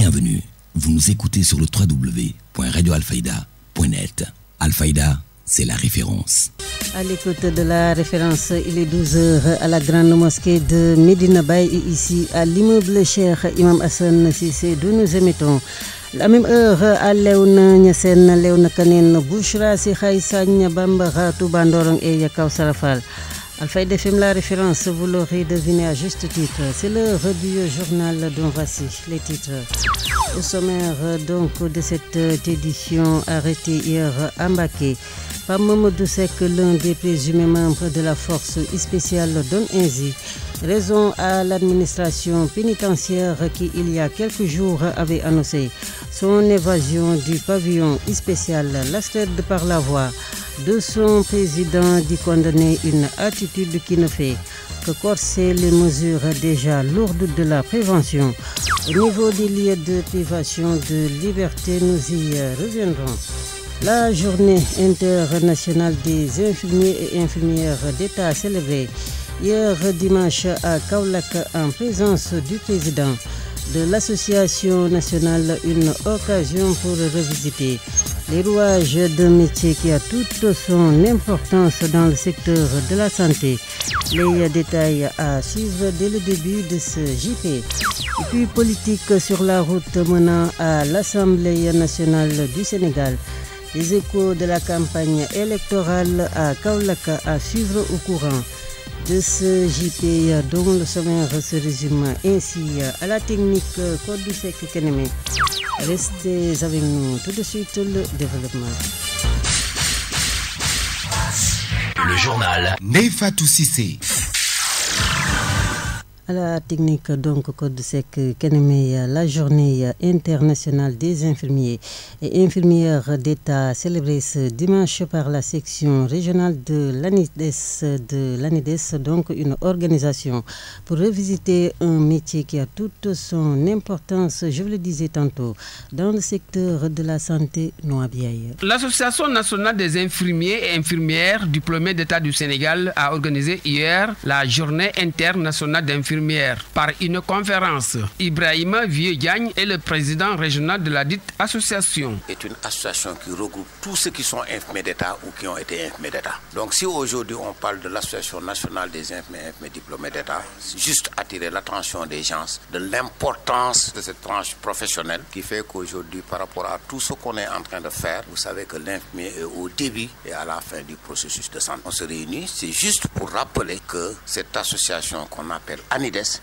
bienvenue. Vous nous écoutez sur le www.radioalfaïda.net. Alfaïda, c'est la référence. À l'écoute de la référence, il est 12h à la grande mosquée de Medina Bay et ici à l'immeuble cher Imam Hassan Sissé, d'où nous émettons. La même heure à Léona Nyasen, Léona Kanen, Bouchra, Sikhaï, Sanya, Bamba, Touba, Bandorang et Yakao Sarafal. Alpha FM, la référence, vous l'aurez deviné à juste titre. C'est le rebut journal dont voici les titres. Au sommaire donc de cette édition arrêtée hier à Mbaké sait que l'un des présumés membres de la force spéciale ainsi raison à l'administration pénitentiaire qui, il y a quelques jours, avait annoncé son évasion du pavillon spécial de par la voie de son président d'y condamner une attitude qui ne fait que corser les mesures déjà lourdes de la prévention. Au niveau des liens de privation de liberté, nous y reviendrons. La journée internationale des infirmiers et infirmières d'État levée hier dimanche à Kaulak en présence du président de l'Association nationale, une occasion pour revisiter les rouages d'un métier qui a toute son importance dans le secteur de la santé. Les détails à suivre dès le début de ce JP. Et puis politique sur la route menant à l'Assemblée nationale du Sénégal. Les échos de la campagne électorale à Kaulaka à suivre au courant de ce JT dont le sommaire se résume ainsi à la technique Code du Restez avec nous tout de suite le développement. Le journal Nefa la technique, donc, Code Sec Kenemé, la journée internationale des infirmiers et infirmières d'État célébrée ce dimanche par la section régionale de l'ANIDES, de l'ANIDES, donc une organisation pour revisiter un métier qui a toute son importance, je vous le disais tantôt, dans le secteur de la santé vieille L'Association nationale des infirmiers et infirmières diplômés d'État du Sénégal a organisé hier la journée internationale d'infirmiers par une conférence. Ibrahima Vieux Diagne est le président régional de la dite association. C'est une association qui regroupe tous ceux qui sont infirmiers d'État ou qui ont été infirmiers d'État. Donc si aujourd'hui on parle de l'association nationale des infirmiers, infirmiers diplômés d'État, c'est juste attirer l'attention des gens de l'importance de cette tranche professionnelle qui fait qu'aujourd'hui par rapport à tout ce qu'on est en train de faire, vous savez que l'infirmier est au début et à la fin du processus de santé. On se réunit, c'est juste pour rappeler que cette association qu'on appelle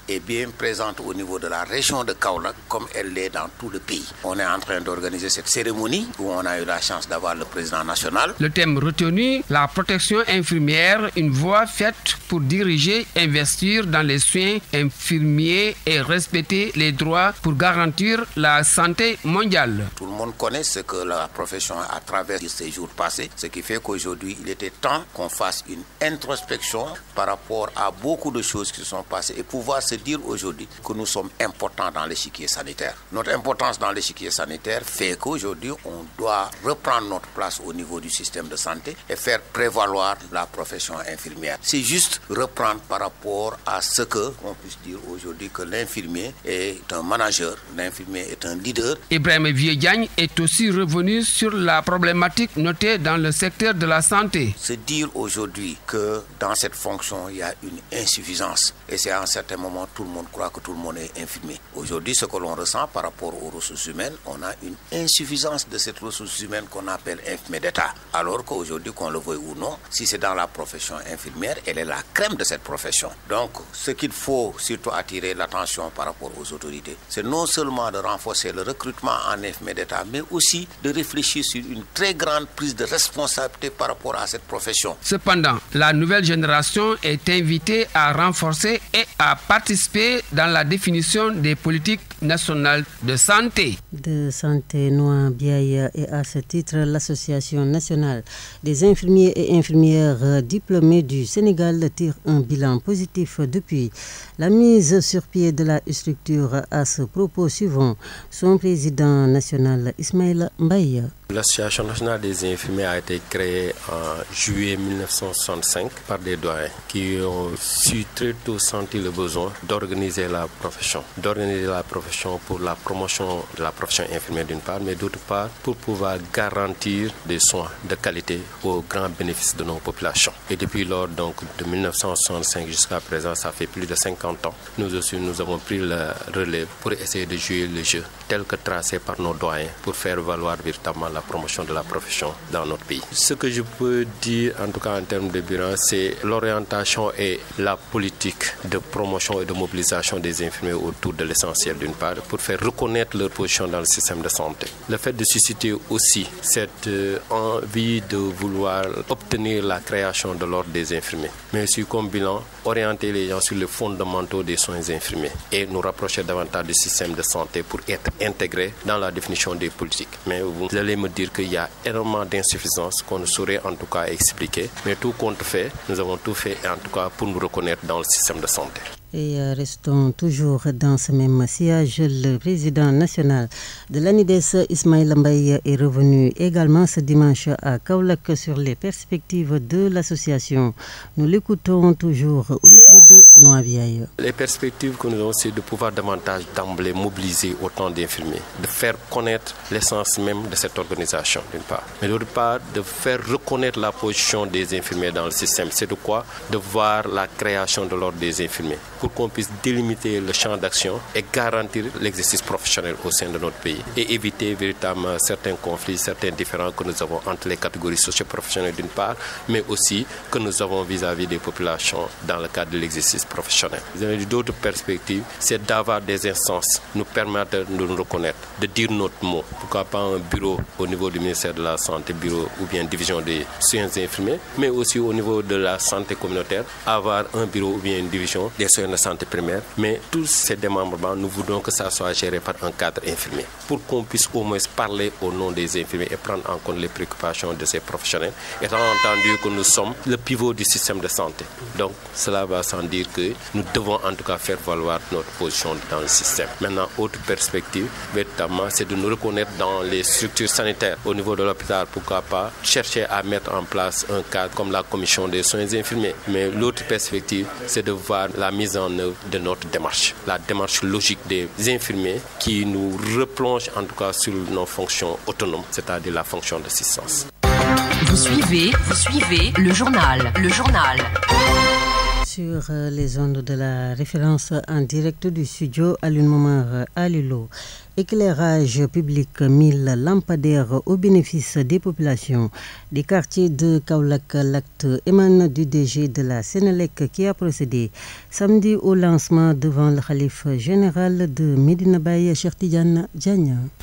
est bien présente au niveau de la région de Kaolack comme elle l'est dans tout le pays. On est en train d'organiser cette cérémonie où on a eu la chance d'avoir le président national. Le thème retenu, la protection infirmière, une voie faite pour diriger, investir dans les soins infirmiers et respecter les droits pour garantir la santé mondiale. Tout le monde connaît ce que la profession a traversé ces jours passés, ce qui fait qu'aujourd'hui, il était temps qu'on fasse une introspection par rapport à beaucoup de choses qui se sont passées et pouvoir se dire aujourd'hui que nous sommes importants dans l'échiquier sanitaire. Notre importance dans l'échiquier sanitaire fait qu'aujourd'hui, on doit reprendre notre place au niveau du système de santé et faire prévaloir la profession infirmière. C'est juste reprendre par rapport à ce que on puisse dire aujourd'hui que l'infirmier est un manager, l'infirmier est un leader. Ibrahim vieux est aussi revenu sur la problématique notée dans le secteur de la santé. Se dire aujourd'hui que dans cette fonction, il y a une insuffisance et c'est en cette certain moment, tout le monde croit que tout le monde est infirmier. Aujourd'hui, ce que l'on ressent par rapport aux ressources humaines, on a une insuffisance de cette ressource humaine qu'on appelle infirmier d'État. Alors qu'aujourd'hui, qu'on le veuille ou non, si c'est dans la profession infirmière, elle est la crème de cette profession. Donc, ce qu'il faut surtout attirer l'attention par rapport aux autorités, c'est non seulement de renforcer le recrutement en infirmé d'État, mais aussi de réfléchir sur une très grande prise de responsabilité par rapport à cette profession. Cependant, la nouvelle génération est invitée à renforcer et à a participé dans la définition des politiques nationales de santé. De santé noire biaïa et à ce titre, l'Association nationale des infirmiers et infirmières diplômés du Sénégal tire un bilan positif depuis la mise sur pied de la structure à ce propos suivant son président national Ismaël Mbaye. L'association nationale des infirmiers a été créée en juillet 1965 par des doyens qui ont su très tôt senti le besoin d'organiser la profession, d'organiser la profession pour la promotion de la profession infirmière d'une part, mais d'autre part pour pouvoir garantir des soins de qualité au grand bénéfice de nos populations. Et depuis lors, donc de 1965 jusqu'à présent, ça fait plus de 50 ans, nous aussi nous avons pris le relève pour essayer de jouer le jeu tel que tracé par nos doyens pour faire valoir véritablement la promotion de la profession dans notre pays. Ce que je peux dire en tout cas en termes de bilan, c'est l'orientation et la politique de promotion et de mobilisation des infirmiers autour de l'essentiel d'une part pour faire reconnaître leur position dans le système de santé. Le fait de susciter aussi cette euh, envie de vouloir obtenir la création de l'ordre des infirmiers, mais aussi comme bilan, orienter les gens sur les fondamentaux des soins infirmiers et nous rapprocher davantage du système de santé pour être intégrés dans la définition des politiques. Mais vous allez me dire qu'il y a énormément d'insuffisances qu'on ne saurait en tout cas expliquer. Mais tout compte fait, nous avons tout fait en tout cas pour nous reconnaître dans le système de santé. Et euh, restons toujours dans ce même siège, Le président national de l'ANIDES, Ismail Mbaye, est revenu également ce dimanche à Kaulak sur les perspectives de l'association. Nous l'écoutons toujours au micro de Vieille. Les perspectives que nous avons, c'est de pouvoir davantage d'emblée mobiliser autant d'infirmiers, de faire connaître l'essence même de cette organisation, d'une part. Mais d'autre part, de faire reconnaître la position des infirmiers dans le système. C'est de quoi De voir la création de l'ordre des infirmiers pour qu'on puisse délimiter le champ d'action et garantir l'exercice professionnel au sein de notre pays et éviter véritablement certains conflits, certains différends que nous avons entre les catégories socioprofessionnelles professionnelles d'une part, mais aussi que nous avons vis-à-vis des populations dans le cadre de l'exercice professionnel. D'autres perspectives, c'est d'avoir des instances nous permettant de nous reconnaître, de dire notre mot. Pourquoi pas un bureau au niveau du ministère de la Santé, bureau ou bien division des soins infirmiers, mais aussi au niveau de la santé communautaire, avoir un bureau ou bien une division des soins santé primaire, mais tous ces démembrements, nous voulons que ça soit géré par un cadre infirmier pour qu'on puisse au moins parler au nom des infirmiers et prendre en compte les préoccupations de ces professionnels, étant entendu que nous sommes le pivot du système de santé. Donc cela va sans dire que nous devons en tout cas faire valoir notre position dans le système. Maintenant, autre perspective, véritablement, c'est de nous reconnaître dans les structures sanitaires au niveau de l'hôpital, pourquoi pas chercher à mettre en place un cadre comme la commission des soins infirmiers. Mais l'autre perspective, c'est de voir la mise en de notre démarche, la démarche logique des infirmiers qui nous replonge en tout cas sur nos fonctions autonomes, c'est-à-dire la fonction d'assistance. Vous suivez, vous suivez le journal, le journal sur euh, les ondes de la référence en direct du studio euh, à l'une moment Éclairage public 1000 lampadaires au bénéfice des populations des quartiers de Kaulak. L'acte émane du DG de la Sénélec qui a procédé samedi au lancement devant le calife général de Medina Baye, Chertidiane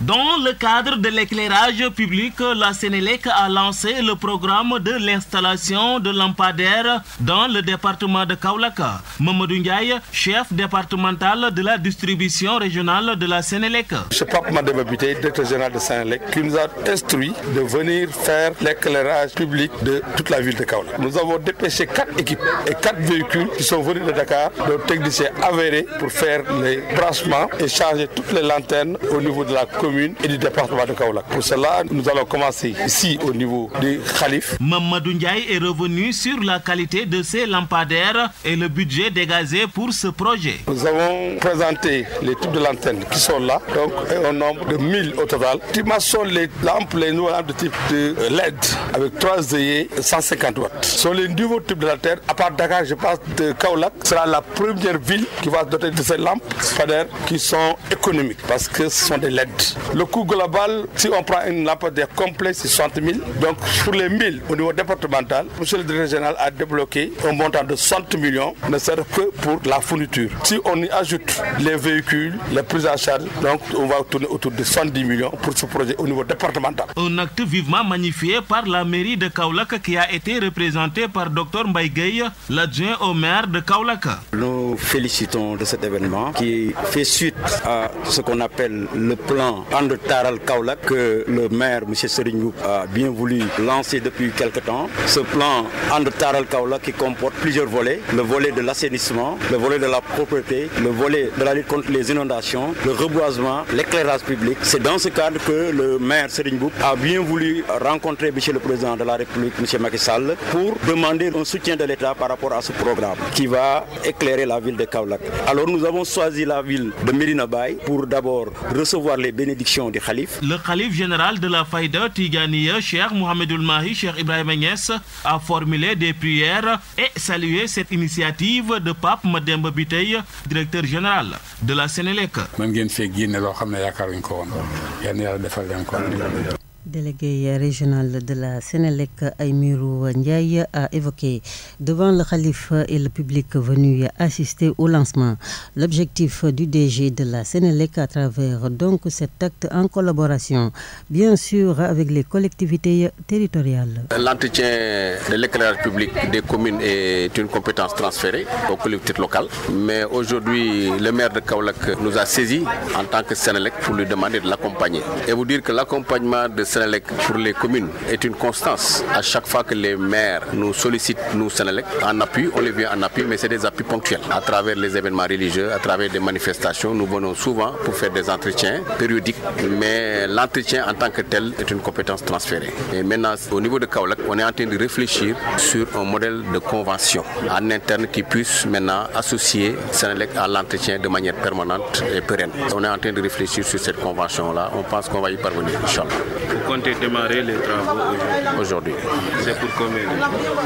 Dans le cadre de l'éclairage public, la Sénélec a lancé le programme de l'installation de lampadaires dans le département de Kaulaka. Mamadou Ndiaye, chef départemental de la distribution régionale de la Sénélec, le C'est de Madame Buté, directeur général de Saint-Lec, qui nous a instruit de venir faire l'éclairage public de toute la ville de Kaolack. Nous avons dépêché quatre équipes et quatre véhicules qui sont venus de Dakar, de techniciens avérés pour faire les branchements et charger toutes les lanternes au niveau de la commune et du département de Kaolack. Pour cela, nous allons commencer ici au niveau du Khalif. Mamadou Ndiaye est revenu sur la qualité de ces lampadaires et le budget dégagé pour ce projet. Nous avons présenté les types de lanternes qui sont là et un nombre de 1000 au total. Tu les lampes, les nouvelles lampes de type de euh, LED avec 3 œillets 150 watts. Sur les nouveaux types de la Terre. À part Dakar, je pense de Kaolak sera la première ville qui va se doter de ces lampes qui sont économiques parce que ce sont des LED. Le coût global, si on prend une lampe de complète, c'est 60 000. Donc sur les 1000 au niveau départemental, M. le directeur général a débloqué un montant de 100 millions ne sert que pour la fourniture. Si on y ajoute les véhicules, les prises à charge, donc on va tourner autour de 110 millions pour ce projet au niveau départemental. Un acte vivement magnifié par la mairie de Kaulaka qui a été représenté par Dr Mbaïgueye, l'adjoint au maire de Kaulaka. Nous félicitons de cet événement qui fait suite à ce qu'on appelle le plan al Kaulak que le maire M. Seringou, a bien voulu lancer depuis quelques temps. Ce plan taral Kaulak qui comporte plusieurs volets, le volet de l'assainissement, le volet de la propreté, le volet de la lutte contre les inondations, le reboisement, l'éclairage public. C'est dans ce cadre que le maire Serigne a bien voulu rencontrer le Président de la République, M. Macky Sall, pour demander un soutien de l'État par rapport à ce programme qui va éclairer la ville de Kavlak. Alors nous avons choisi la ville de Medina pour d'abord recevoir les bénédictions des Khalif. Le calife général de la Faïda Tigania, Cheikh Mohamedoul Mahi, Cheikh Ibrahim Agnès, a formulé des prières et salué cette initiative de Pape Mademba Bouteille, directeur général de la Sénélec. xam ne yaakaaruñ ko woon. yéen yàlla defal leen ko. délégué régional de la Sénélec, Aymirou Ndiaye, a évoqué devant le calife et le public venu assister au lancement l'objectif du DG de la Sénélec à travers donc cet acte en collaboration, bien sûr, avec les collectivités territoriales. L'entretien de l'éclairage public des communes est une compétence transférée aux collectivités locales, mais aujourd'hui, le maire de Kaolak nous a saisi en tant que Sénélec pour lui demander de l'accompagner. Et vous dire que l'accompagnement de cette pour les communes est une constance. À chaque fois que les maires nous sollicitent, nous Sénélec, en appui, on les vient en appui, mais c'est des appuis ponctuels. À travers les événements religieux, à travers des manifestations, nous venons souvent pour faire des entretiens périodiques, mais l'entretien en tant que tel est une compétence transférée. Et maintenant, au niveau de Kaoulak, on est en train de réfléchir sur un modèle de convention en interne qui puisse maintenant associer Sénélec à l'entretien de manière permanente et pérenne. On est en train de réfléchir sur cette convention-là. On pense qu'on va y parvenir, Inch'Allah comptez démarrer les travaux aujourd'hui C'est pour combien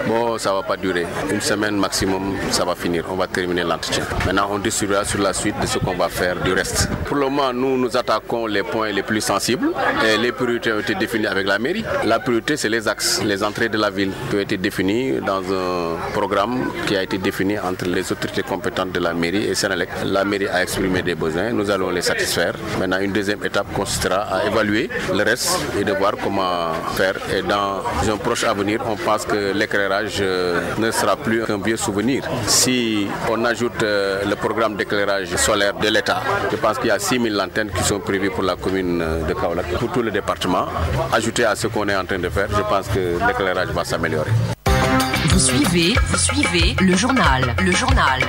Bon, ça ne va pas durer. Une semaine maximum, ça va finir. On va terminer l'entretien. Maintenant, on décidera sur la suite de ce qu'on va faire du reste. Pour le moment, nous nous attaquons les points les plus sensibles les priorités ont été définies avec la mairie. La priorité, c'est les axes, les entrées de la ville qui ont été définies dans un programme qui a été défini entre les autorités compétentes de la mairie et Sénélec. La mairie a exprimé des besoins, nous allons les satisfaire. Maintenant, une deuxième étape consistera à évaluer le reste et de voir comment faire. Et dans un proche avenir, on pense que l'éclairage euh, ne sera plus qu'un vieux souvenir. Si on ajoute euh, le programme d'éclairage solaire de l'État, je pense qu'il y a 6000 antennes qui sont prévues pour la commune euh, de Kaolak, pour tout le département. Ajouté à ce qu'on est en train de faire, je pense que l'éclairage va s'améliorer. Vous suivez, vous suivez le journal, le journal.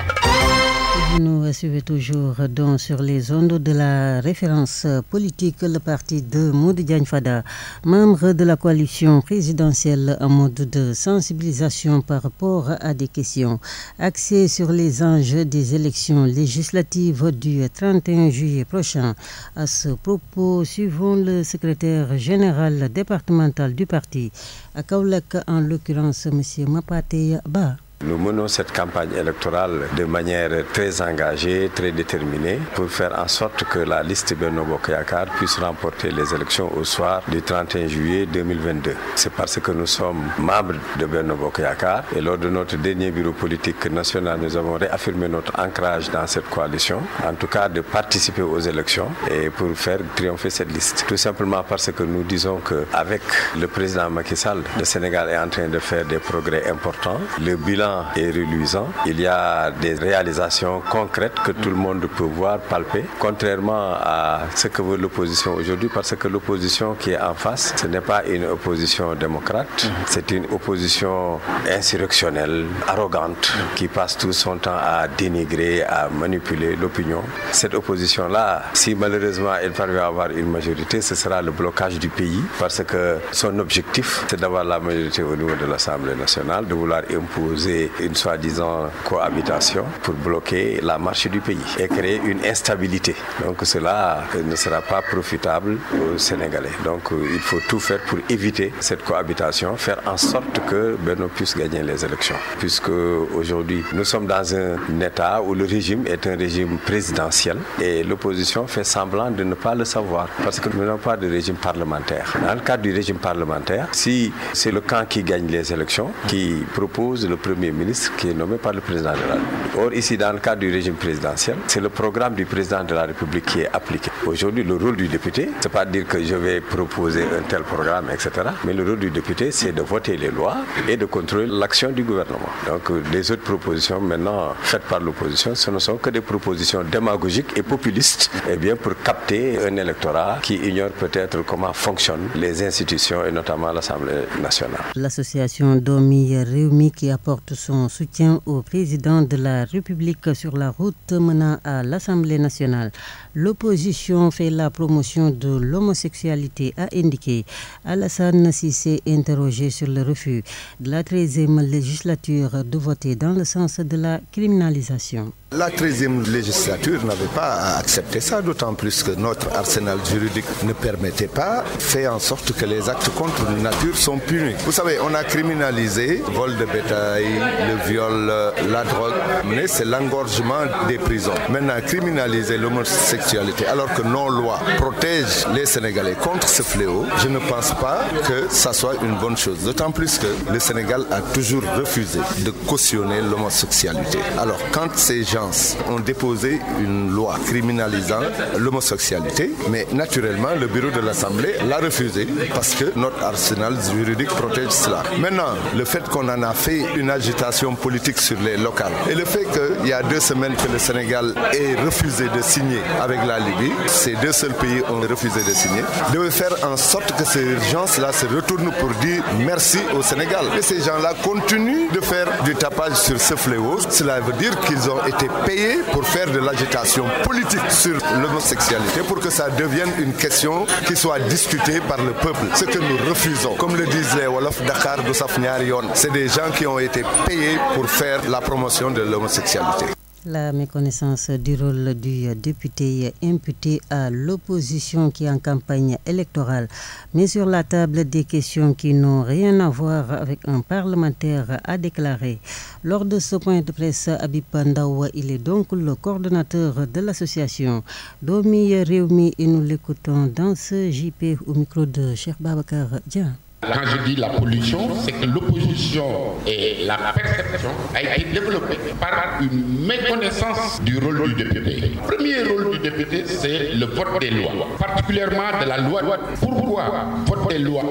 Nous suivons toujours dans, sur les ondes de la référence politique le parti de Moudi Fada, membre de la coalition présidentielle en mode de sensibilisation par rapport à des questions axées sur les enjeux des élections législatives du 31 juillet prochain. À ce propos, suivons le secrétaire général départemental du parti, à Kaulak en l'occurrence M. Mapate Ba. Nous menons cette campagne électorale de manière très engagée, très déterminée, pour faire en sorte que la liste Bernobo Kayakar puisse remporter les élections au soir du 31 juillet 2022. C'est parce que nous sommes membres de Bernobo Kayakar et lors de notre dernier bureau politique national, nous avons réaffirmé notre ancrage dans cette coalition, en tout cas de participer aux élections et pour faire triompher cette liste. Tout simplement parce que nous disons qu'avec le président Macky Sall, le Sénégal est en train de faire des progrès importants. Le bilan et reluisant. Il y a des réalisations concrètes que tout le monde peut voir, palper, contrairement à ce que veut l'opposition aujourd'hui, parce que l'opposition qui est en face, ce n'est pas une opposition démocrate, c'est une opposition insurrectionnelle, arrogante, qui passe tout son temps à dénigrer, à manipuler l'opinion. Cette opposition-là, si malheureusement elle parvient à avoir une majorité, ce sera le blocage du pays, parce que son objectif, c'est d'avoir la majorité au niveau de l'Assemblée nationale, de vouloir imposer une soi-disant cohabitation pour bloquer la marche du pays et créer une instabilité. Donc cela ne sera pas profitable aux Sénégalais. Donc il faut tout faire pour éviter cette cohabitation, faire en sorte que beno puisse gagner les élections. Puisque aujourd'hui, nous sommes dans un État où le régime est un régime présidentiel et l'opposition fait semblant de ne pas le savoir parce que nous n'avons pas de régime parlementaire. Dans le cadre du régime parlementaire, si c'est le camp qui gagne les élections, qui propose le premier ministre qui est nommé par le président de la République. Or, ici, dans le cadre du régime présidentiel, c'est le programme du président de la République qui est appliqué. Aujourd'hui, le rôle du député, ce n'est pas dire que je vais proposer un tel programme, etc. Mais le rôle du député, c'est de voter les lois et de contrôler l'action du gouvernement. Donc, euh, les autres propositions maintenant faites par l'opposition, ce ne sont que des propositions démagogiques et populistes, eh bien, pour capter un électorat qui ignore peut-être comment fonctionnent les institutions et notamment l'Assemblée nationale. L'association Domi Réumi qui apporte son soutien au président de la République sur la route menant à l'Assemblée nationale. L'opposition fait la promotion de l'homosexualité, a indiqué. Alassane Sissé, interrogé sur le refus de la 13e législature de voter dans le sens de la criminalisation. La 13e législature n'avait pas accepté ça, d'autant plus que notre arsenal juridique ne permettait pas, faire en sorte que les actes contre la nature sont punis. Vous savez, on a criminalisé le vol de bétail, le viol, la drogue, mais c'est l'engorgement des prisons. Maintenant, criminaliser l'homosexualité alors que nos lois protègent les Sénégalais contre ce fléau, je ne pense pas que ça soit une bonne chose. D'autant plus que le Sénégal a toujours refusé de cautionner l'homosexualité. Alors, quand ces gens ont déposé une loi criminalisant l'homosexualité, mais naturellement, le bureau de l'Assemblée l'a refusé parce que notre arsenal juridique protège cela. Maintenant, le fait qu'on en a fait une agitation politique sur les locales et le fait qu'il y a deux semaines que le Sénégal ait refusé de signer avec la Libye, ces deux seuls pays ont refusé de signer, De faire en sorte que ces urgences-là se retournent pour dire merci au Sénégal. Et ces gens-là continuent de faire du tapage sur ce fléau. Cela veut dire qu'ils ont été payés pour faire de l'agitation politique sur l'homosexualité pour que ça devienne une question qui soit discutée par le peuple. Ce que nous refusons, comme le disent les Wolof Dakar, Doussaf Yon, c'est des gens qui ont été payés pour faire la promotion de l'homosexualité. La méconnaissance du rôle du député imputé à l'opposition qui est en campagne électorale met sur la table des questions qui n'ont rien à voir avec un parlementaire, à déclaré. Lors de ce point de presse, Abib Pandawa, il est donc le coordonnateur de l'association Domi Réumi et nous l'écoutons dans ce JP au micro de Cheikh Babacar Dia. Quand je dis la pollution, c'est que l'opposition et la perception a été développée par une méconnaissance du rôle du député. Le premier rôle du député, c'est le vote des lois, particulièrement de la loi. Pourquoi vote des lois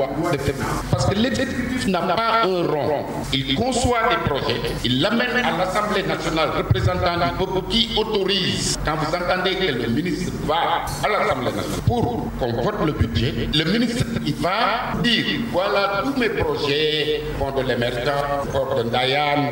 Parce que l'exécutif n'a pas un rond. Il conçoit des projets, il l'amène à l'Assemblée nationale représentant la peuple qui autorise. Quand vous entendez que le ministre va à l'Assemblée nationale pour qu'on vote le budget, le ministre il va dire voilà tous mes projets, Fonds de l'émergence, Corps de Diane,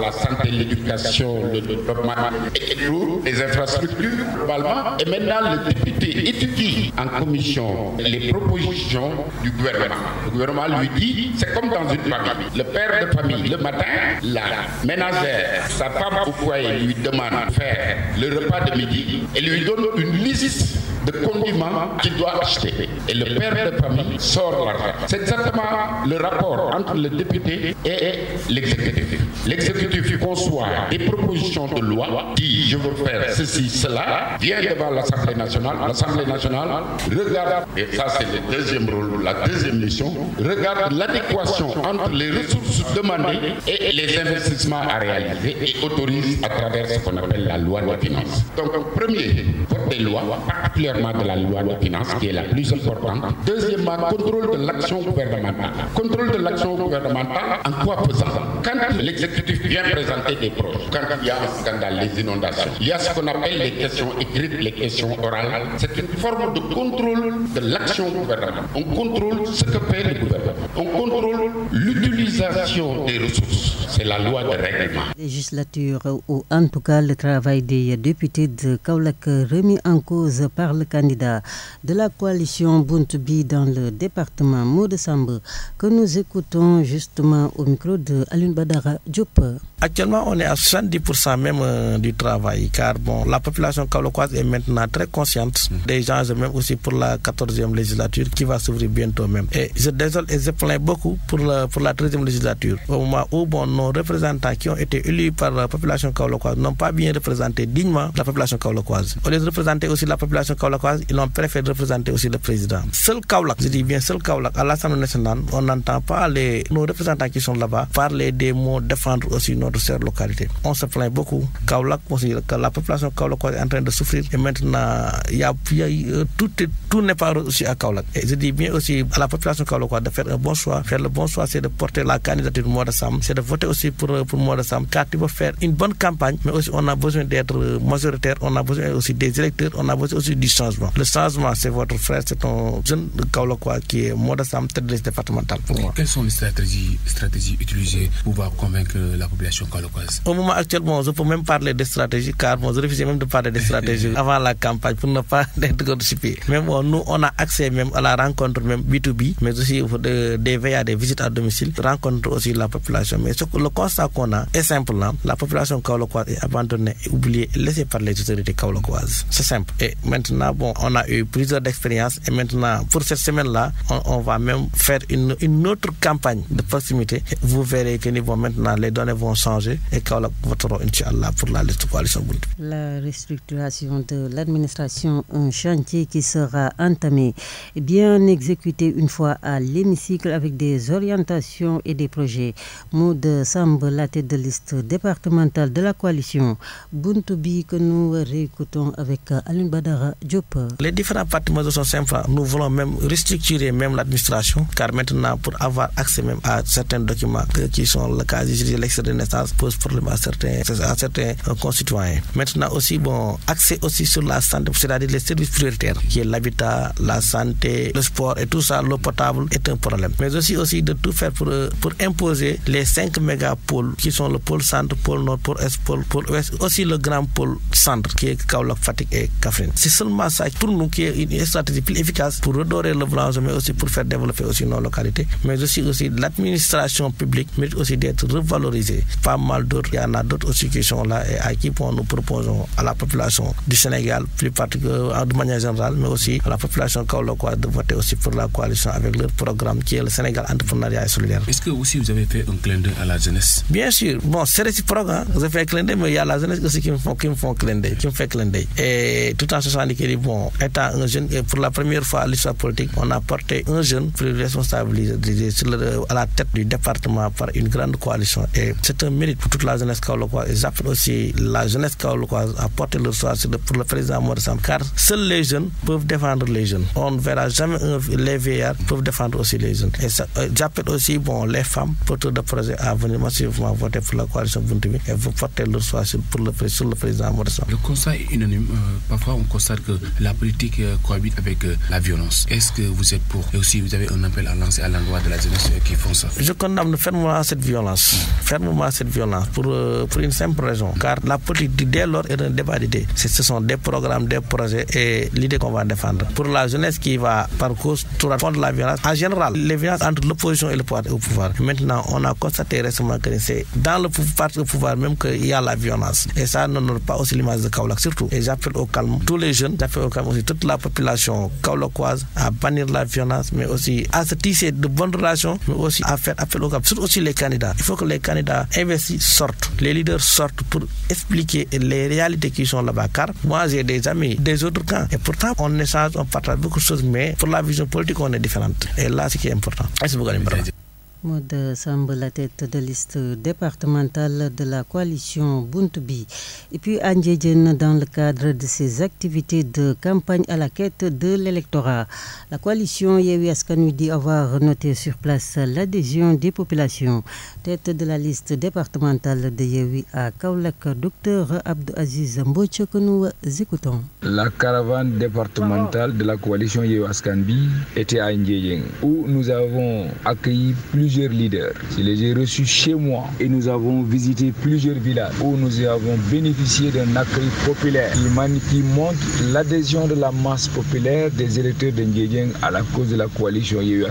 la santé, l'éducation, le développement, et les infrastructures, globalement. Et maintenant, le député étudie en commission les propositions du gouvernement. Le gouvernement lui dit, c'est comme dans une famille. Le père de famille, le matin, la ménagère, sa femme au foyer lui demande de faire le repas de midi et lui donne une liste de condiments qu'il doit acheter. Et le père de famille sort l'argent. C'est exactement le rapport entre le député et l'exécutif. L'exécutif conçoit des propositions de loi, qui, je veux faire ceci, cela, vient devant l'Assemblée nationale. L'Assemblée nationale regarde, et ça c'est le deuxième rôle, la deuxième mission, regarde l'adéquation entre les ressources demandées et les investissements à réaliser et autorise à travers ce qu'on appelle la loi de finances. Donc, premier, vote des lois, particulièrement de la loi de finances, qui est la plus importante. Deuxièmement, contrôle de l'action gouvernementale. Contrôle de l'action gouvernementale, en quoi pesant Quand l'exécutif vient présenter des projets, quand il y a un scandale, les inondations, il y a ce qu'on appelle les questions écrites, les questions orales. C'est une forme de contrôle de l'action gouvernementale. On contrôle ce que fait le gouvernement. On contrôle l'utilisation des ressources. C'est la loi de règlement. Législature, ou en tout cas le travail des députés de Kaulak remis en cause par le candidat de la coalition Buntubi dans le département Maud que nous écoutons justement au micro de Aline Badara Diop. Actuellement, on est à 70% même euh, du travail, car bon, la population calocoise est maintenant très consciente mm. des gens, même aussi pour la 14e législature qui va s'ouvrir bientôt même. Et je désole et je plains beaucoup pour, pour la 13e législature, au moment où bon, nos représentants qui ont été élus par la population calocoise n'ont pas bien représenté dignement la population calocoise. Au lieu de représenter aussi la population calocoise, ils ont préféré représenter aussi le président. Seul Kaolak, je dis bien seul Kaolak, à l'Assemblée nationale, on n'entend pas les, nos représentants qui sont là-bas parler des mots, défendre aussi nos de localité. On se plaint beaucoup. Kaolak que la population kaoloko est en train de souffrir. Et maintenant, y a, euh, tout, n'est pas aussi à Kaolak. Et je dis bien aussi à la population Kaolak de faire un bon choix. Faire le bon choix, c'est de porter la candidature de de c'est de voter aussi pour, euh, pour de car tu veux faire une bonne campagne, mais aussi on a besoin d'être euh, majoritaire, on a besoin aussi des électeurs, on a besoin aussi du changement. Le changement, c'est votre frère, c'est ton jeune Kaolak qui est Moua de pour Quelles sont les stratégies, stratégies utilisées pour convaincre la population au moment actuel, bon, je peux même parler de stratégie, car bon, je refusais même de parler de stratégie avant la campagne pour ne pas être gossipé. Mais bon, nous, on a accès même à la rencontre même B2B, mais aussi de, des des visites à domicile, rencontre aussi la population. Mais ce, le constat qu'on a est simple. Hein. La population kaolokoise est abandonnée, et oubliée, laissée par les autorités kaolokoises. C'est simple. Et maintenant, bon, on a eu plusieurs d'expériences et maintenant, pour cette semaine-là, on, va même faire une, une autre campagne de proximité. Vous verrez que niveau maintenant, les données vont changer et pour la liste coalition La restructuration de l'administration, un chantier qui sera entamé, bien exécuté une fois à l'hémicycle avec des orientations et des projets. Maud semble la tête de liste départementale de la coalition Buntubi que nous réécoutons avec Aline Badara Diop. Les différents partis sont simples. Nous voulons même restructurer même l'administration car maintenant pour avoir accès même à certains documents qui sont le cas de l'extérieur ça pose problème à certains, certains euh, concitoyens. Maintenant aussi, bon, accès aussi sur la santé, c'est-à-dire les services prioritaires, qui est l'habitat, la santé, le sport et tout ça, l'eau potable est un problème. Mais aussi, aussi de tout faire pour, euh, pour imposer les 5 mégapôles qui sont le pôle centre, pôle nord, pôle est, pôle, ouest, aussi le grand pôle centre qui est Kaolak, Fatik et Kafrine. C'est seulement ça pour nous qui est une stratégie plus efficace pour redorer le blanc, mais aussi pour faire développer aussi nos localités. Mais aussi, aussi l'administration publique mérite aussi d'être revalorisée pas mal d'autres. Il y en a d'autres aussi qui sont là et à qui pour nous proposons à la population du Sénégal, plus particulièrement ah, de manière générale, mais aussi à la population kaolokoise de voter aussi pour la coalition avec leur programme qui est le Sénégal Entrepreneuriat et Solidaire. Est-ce que aussi vous avez fait un clin d'œil à la jeunesse Bien sûr. Bon, c'est réciproque. Hein. J'ai fait un clin d'œil, mais il y a la jeunesse aussi qui me, font, qui font clin d'œil, qui me fait clin d'œil. Et tout en se sentant que, bon, étant un jeune, et pour la première fois à l'histoire politique, on a porté un jeune plus responsable à la tête du département par une grande coalition. Et c'est un mérite pour toute la jeunesse kaolackoise et j'appelle aussi la jeunesse kaolackoise à porter leur soir pour le président Morissam car seuls les jeunes peuvent défendre les jeunes. On ne verra jamais les vieillards peuvent défendre aussi les jeunes. Et euh, j'appelle aussi bon, les femmes porteurs de projets à venir massivement voter pour la coalition Buntumi et vous porter leur soir pour le, sur le président Morissam. Le conseil est unanime. Euh, parfois, on constate que la politique euh, cohabite avec la violence. Est-ce que vous êtes pour Et aussi, vous avez un appel à lancer à l'endroit de la jeunesse qui font ça Je condamne fermement cette violence. Fermement cette violence euh, pour, une simple raison. Car la politique, dès lors, est un débat d'idées. Ce sont des programmes, des projets et l'idée qu'on va défendre. Pour la jeunesse qui va parcourir contre la violence, en général, les violences entre l'opposition et le pouvoir, pouvoir. Maintenant, on a constaté récemment que c'est dans le pouvoir, pouvoir même qu'il y a la violence. Et ça n'honore pas aussi l'image de Kaolak, surtout. Et j'appelle au calme tous les jeunes, j'appelle au calme aussi toute la population kaolakoise à bannir la violence, mais aussi à se tisser de bonnes relations, mais aussi à faire appel au calme, surtout aussi les candidats. Il faut que les candidats investissent sortent, les leaders sortent pour expliquer les réalités qui sont là-bas. Car moi, j'ai des amis des autres camps. Et pourtant, on échange, on partage beaucoup de choses, mais pour la vision politique, on est différente. Et là, c'est qui est important. Maud semble la tête de liste départementale de la coalition Buntubi. Et puis Andjedjen, dans le cadre de ses activités de campagne à la quête de l'électorat. La coalition Yewi dit avoir noté sur place l'adhésion des populations. Tête de la liste départementale de Yewi à Kaulak, docteur Abdou Aziz Mboche, que nous écoutons. La caravane départementale de la coalition Yewi Askanbi était à Andjedjen, où nous avons accueilli plus leaders. Je les ai reçus chez moi et nous avons visité plusieurs villages où nous avons bénéficié d'un accueil populaire qui, montre l'adhésion de la masse populaire des électeurs de à la cause de la coalition Yehu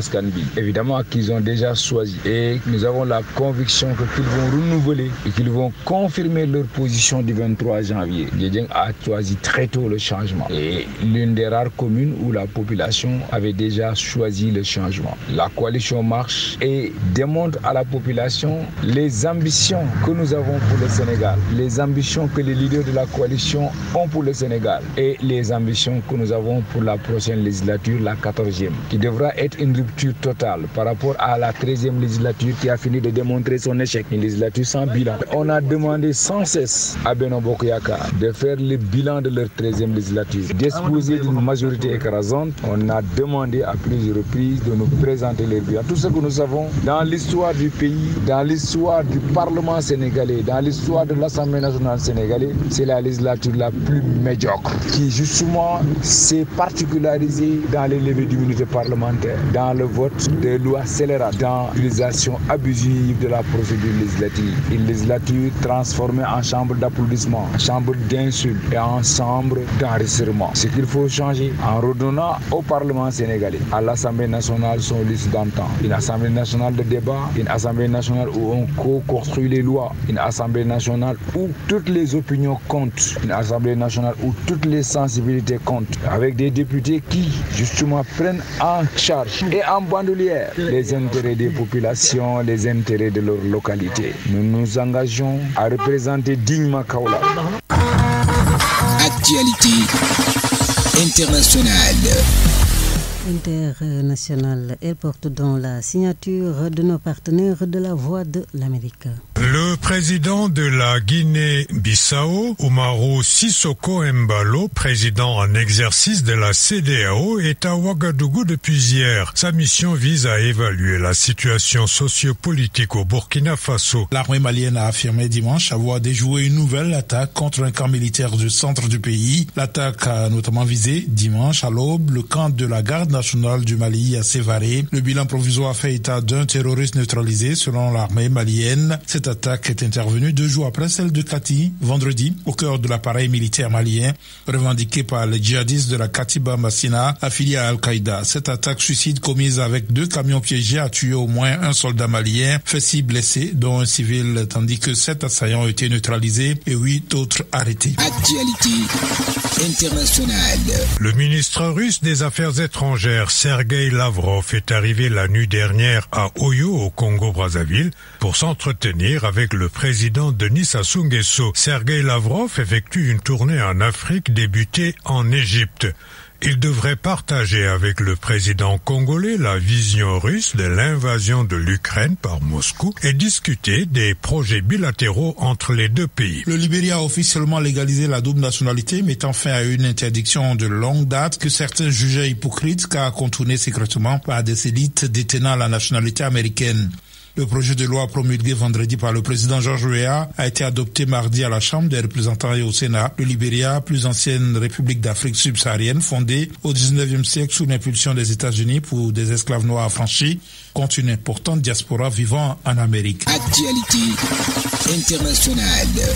Évidemment qu'ils ont déjà choisi et nous avons la conviction qu'ils vont renouveler et qu'ils vont confirmer leur position du 23 janvier. Nguyen a choisi très tôt le changement et l'une des rares communes où la population avait déjà choisi le changement. La coalition marche et démontre à la population les ambitions que nous avons pour le Sénégal, les ambitions que les leaders de la coalition ont pour le Sénégal et les ambitions que nous avons pour la prochaine législature, la 14e, qui devra être une rupture totale par rapport à la 13e législature qui a fini de démontrer son échec, une législature sans bilan. On a demandé sans cesse à Beno Bokuyaka de faire le bilan de leur 13e législature, disposer d'une majorité écrasante. On a demandé à plusieurs reprises de nous présenter les bilan. Tout ce que nous savons, dans l'histoire du pays, dans l'histoire du Parlement sénégalais, dans l'histoire de l'Assemblée nationale sénégalaise, c'est la législature la plus médiocre qui justement s'est particularisée dans les levées d'immunité parlementaire, dans le vote des lois scélérates, dans l'utilisation abusive de la procédure législative. Une législature transformée en chambre d'applaudissement, chambre d'insulte et en chambre d'enregistrement. Ce qu'il faut changer en redonnant au Parlement sénégalais, à l'Assemblée nationale son liste d'antan, une Assemblée nationale de débat, une assemblée nationale où on co-construit les lois, une assemblée nationale où toutes les opinions comptent, une assemblée nationale où toutes les sensibilités comptent, avec des députés qui, justement, prennent en charge et en bandoulière les intérêts des populations, les intérêts de leur localité. Nous nous engageons à représenter dignement Kaola. Actualité internationale. International, Elle porte dans la signature de nos partenaires de la Voix de l'Amérique. Le président de la Guinée-Bissau, Umaru Sissoko Mbalo, président en exercice de la CDAO, est à Ouagadougou depuis hier. Sa mission vise à évaluer la situation sociopolitique au Burkina Faso. L'armée malienne a affirmé dimanche avoir déjoué une nouvelle attaque contre un camp militaire du centre du pays. L'attaque a notamment visé dimanche à l'aube le camp de la garde nationale du Mali à Sévaré. Le bilan provisoire fait état d'un terroriste neutralisé selon l'armée malienne attaque est intervenue deux jours après celle de Kati, vendredi, au cœur de l'appareil militaire malien, revendiqué par les djihadistes de la Katiba Massina, affilié à Al-Qaïda. Cette attaque suicide commise avec deux camions piégés a tué au moins un soldat malien, fait six blessés, dont un civil, tandis que sept assaillants ont été neutralisés et huit autres arrêtés. Le ministre russe des Affaires étrangères Sergei Lavrov est arrivé la nuit dernière à Oyo au Congo-Brazzaville pour s'entretenir avec le président Denis Sassou Nguesso. Sergei Lavrov effectue une tournée en Afrique débutée en Égypte. Il devrait partager avec le président congolais la vision russe de l'invasion de l'Ukraine par Moscou et discuter des projets bilatéraux entre les deux pays. Le Libéria a officiellement légalisé la double nationalité, mettant fin à une interdiction de longue date que certains jugeaient hypocrite car contournée secrètement par des élites détenant la nationalité américaine. Le projet de loi promulgué vendredi par le président George Weah a été adopté mardi à la Chambre des représentants et au Sénat. Le Libéria, plus ancienne république d'Afrique subsaharienne fondée au 19e siècle sous l'impulsion des États-Unis pour des esclaves noirs affranchis, compte une importante diaspora vivant en Amérique.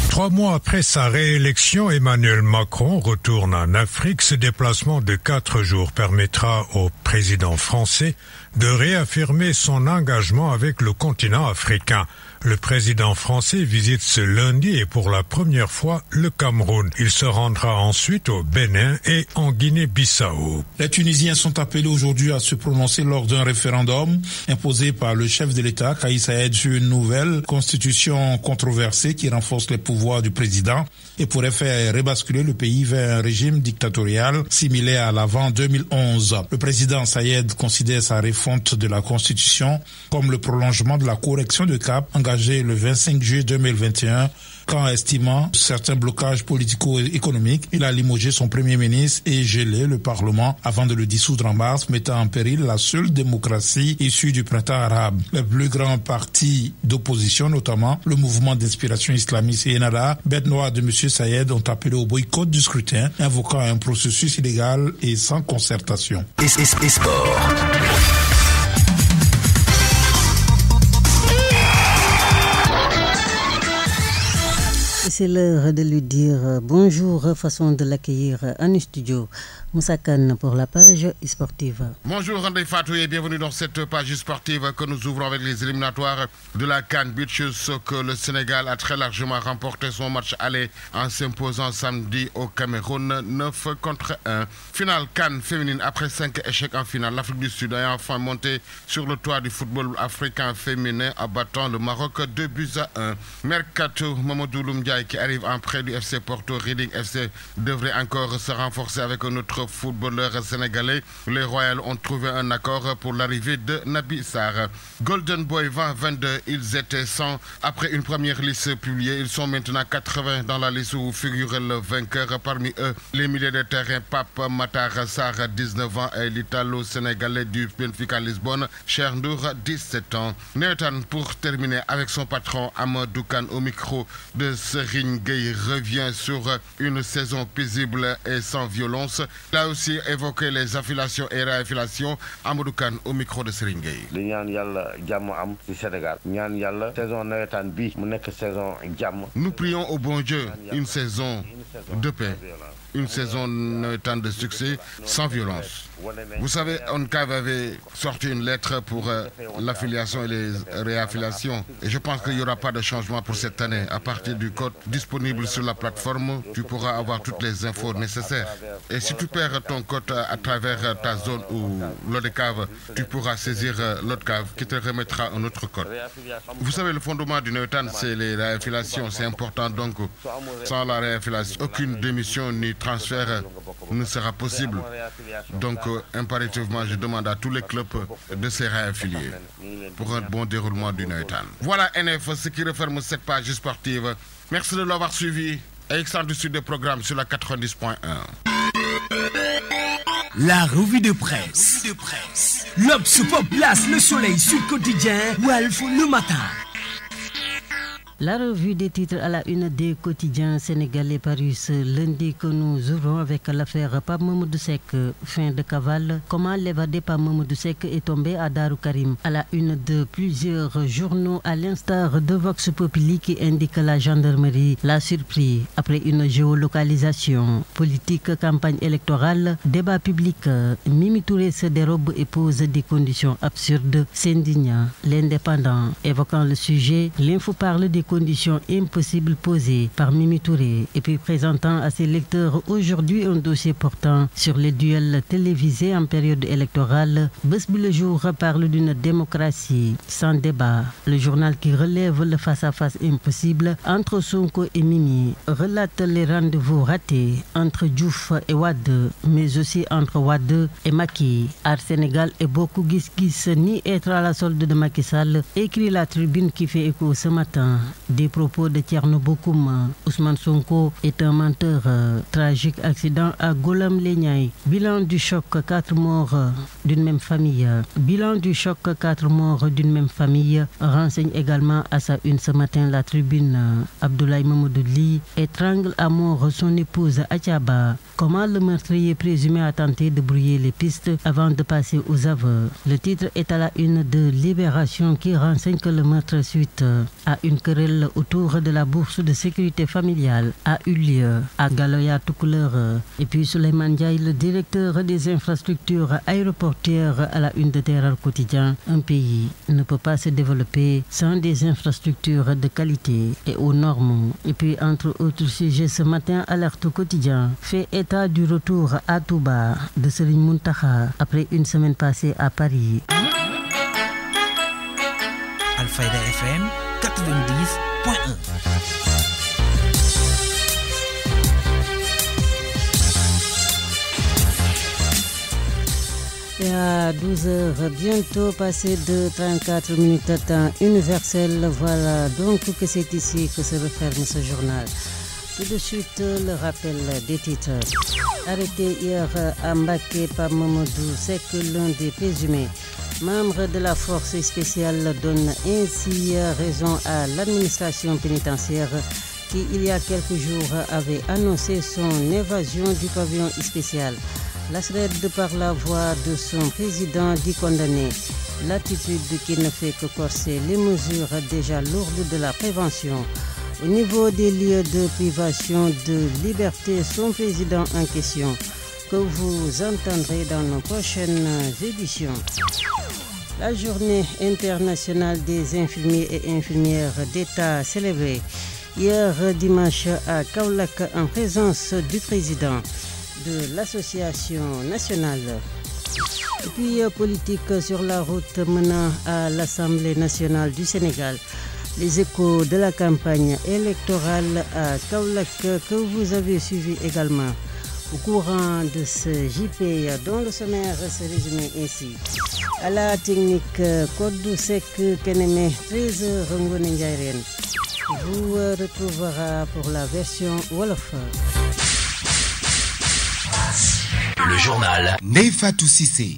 Trois mois après sa réélection, Emmanuel Macron retourne en Afrique. Ce déplacement de quatre jours permettra au président français de réaffirmer son engagement avec le continent africain. Le président français visite ce lundi et pour la première fois le Cameroun. Il se rendra ensuite au Bénin et en Guinée-Bissau. Les Tunisiens sont appelés aujourd'hui à se prononcer lors d'un référendum imposé par le chef de l'État, Kaïs Saïd, sur une nouvelle constitution controversée qui renforce les pouvoirs du président et pourrait faire rebasculer le pays vers un régime dictatorial similaire à l'avant 2011. Le président Sayed considère sa refonte de la Constitution comme le prolongement de la correction de cap engagée le 25 juillet 2021 quand estimant certains blocages politico-économiques, il a limogé son premier ministre et gelé le Parlement avant de le dissoudre en mars, mettant en péril la seule démocratie issue du printemps arabe. le plus grand parti d'opposition, notamment le mouvement d'inspiration islamiste et nara, bête noire de M. Sayed, ont appelé au boycott du scrutin, invoquant un processus illégal et sans concertation. c'est l'heure de lui dire euh, bonjour, façon de l'accueillir en studio. Moussa Khan pour la page sportive. Bonjour André Fatou et bienvenue dans cette page sportive que nous ouvrons avec les éliminatoires de la Cannes Beach que le Sénégal a très largement remporté son match aller en s'imposant samedi au Cameroun 9 contre 1. Finale Cannes féminine après cinq échecs en finale. L'Afrique du Sud a enfin monté sur le toit du football africain féminin en battant le Maroc 2 buts à 1. Mercato Mamadou Lumdiaye qui arrive en près du FC Porto Reading FC devrait encore se renforcer avec notre footballeurs sénégalais, les Royals ont trouvé un accord pour l'arrivée de Nabi Sarr. Golden Boy 2022, ils étaient 100. Après une première liste publiée, ils sont maintenant 80 dans la liste où figure le vainqueur. Parmi eux, les milliers de terrain Pape Matar Sarr, 19 ans, et l'Italo-Sénégalais du Benfica Lisbonne, Chernour, 17 ans. Nathan, pour terminer avec son patron Amadou Kan, au micro de Serine revient sur une saison paisible et sans violence. Il a aussi évoqué les affiliations et réaffiliations à Kane au micro de Serigne nous prions au bon Dieu une saison de paix une saison tant de succès sans violence. Vous savez, ONCAV avait sorti une lettre pour euh, l'affiliation et les réaffiliations. Et je pense qu'il n'y aura pas de changement pour cette année. À partir du code disponible sur la plateforme, tu pourras avoir toutes les infos nécessaires. Et si tu perds ton code à travers ta zone ou cave, tu pourras saisir euh, l'autre cave qui te remettra un autre code. Vous savez, le fondement du e Neutan, c'est les réaffiliations. C'est important donc. Sans la réaffiliation, aucune démission ni transfert ne sera possible. Donc, euh, impérativement, je demande à tous les clubs de se réaffilier pour un bon déroulement du Noétan. Voilà, NF, ce qui referme cette page sportive. Merci de l'avoir suivi. du Sud de programme sur la 90.1. La revue de presse. L'Obs place le soleil sur quotidien, Welf le matin. La revue des titres à la une des quotidiens sénégalais paru ce lundi que nous ouvrons avec l'affaire Pam Sek. Fin de cavale. Comment l'évadé Pam Sek est tombé à Darou Karim À la une de plusieurs journaux, à l'instar de Vox Populi qui indique la gendarmerie l'a surpris après une géolocalisation. Politique, campagne électorale, débat public. Mimi Touré se dérobe et pose des conditions absurdes. s'indignant. l'indépendant. Évoquant le sujet, l'info parle des conditions impossibles posées par Mimi Touré et puis présentant à ses lecteurs aujourd'hui un dossier portant sur les duels télévisés en période électorale. Busby le jour parle d'une démocratie sans débat. Le journal qui relève le face-à-face impossible entre Sonko et Mimi relate les rendez-vous ratés entre Djouf et Wade, mais aussi entre Wade et Maki. Art Sénégal et beaucoup ni être à la solde de Macky Sall, écrit la tribune qui fait écho ce matin des propos de Tierno Bokoum. Euh, Ousmane Sonko est un menteur. Euh, tragique accident à Golam euh, Lenyai. Bilan du choc, Quatre morts d'une même famille. Bilan du choc, Quatre morts d'une même famille. Renseigne également à sa une ce matin la tribune. Abdoulaye Mamoudouli étrangle à mort son épouse Atiaba. Comment le meurtrier présumé a tenté de brouiller les pistes avant de passer aux aveux. Le titre est à la une de Libération qui renseigne que le meurtre suite à une querelle autour de la bourse de sécurité familiale a eu lieu à Galoya tout couleur. Et puis Suleiman Diaye, le directeur des infrastructures aéroportières à la une de terre quotidien, un pays ne peut pas se développer sans des infrastructures de qualité et aux normes. Et puis entre autres sujets, ce matin, Alerte quotidien fait état du retour à Touba de Serine Muntaha après une semaine passée à Paris. Alpha FM 90.1. Et à 12h, bientôt passé de 34 minutes à temps universel. Voilà donc que c'est ici que se referme ce journal. Tout de suite, le rappel des titres. Arrêté hier à Mbaké par Momodou, c'est que l'un des présumés Membre de la force spéciale donne ainsi raison à l'administration pénitentiaire qui, il y a quelques jours, avait annoncé son évasion du pavillon spécial. La de par la voix de son président, dit condamné, l'attitude qui ne fait que corser les mesures déjà lourdes de la prévention. Au niveau des lieux de privation de liberté, son président en question, que vous entendrez dans nos prochaines éditions. La journée internationale des infirmiers et infirmières d'État célébrée hier dimanche à Kaulak en présence du président de l'Association nationale. Et puis euh, politique sur la route menant à l'Assemblée nationale du Sénégal. Les échos de la campagne électorale à Kaulak que vous avez suivi également au courant de ce JP dont le sommaire se résume ainsi. À la technique Kodou Sek Keneme, 13 Rongo vous euh, retrouvera pour la version Wolof. Le journal Nefa Toussissé.